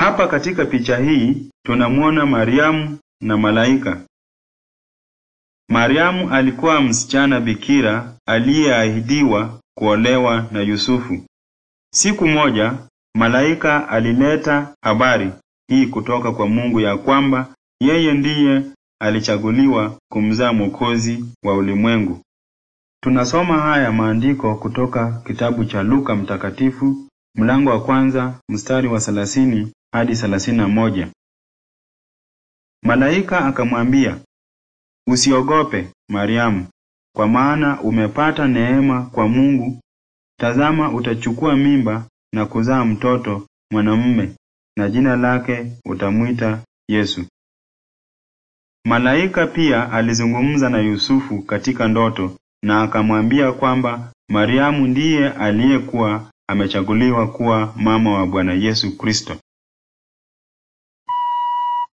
Hapa katika picha hii tunamwona Mariamu na malaika. Mariamu alikuwa msichana bikira aliyeahidiwa kuolewa na Yusufu. Siku moja malaika alileta habari hii kutoka kwa Mungu ya kwamba yeye ndiye alichaguliwa kumzaa mwokozi wa ulimwengu. Tunasoma haya maandiko kutoka kitabu cha Luka Mtakatifu mlango wa kwanza mstari wa thelathini hadi thelathini na moja Malaika akamwambia, usiogope Mariamu, kwa maana umepata neema kwa Mungu. Tazama, utachukua mimba na kuzaa mtoto mwanamume, na jina lake utamwita Yesu. Malaika pia alizungumza na Yusufu katika ndoto na akamwambia kwamba Mariamu ndiye aliyekuwa amechaguliwa kuwa mama wa Bwana Yesu Kristo.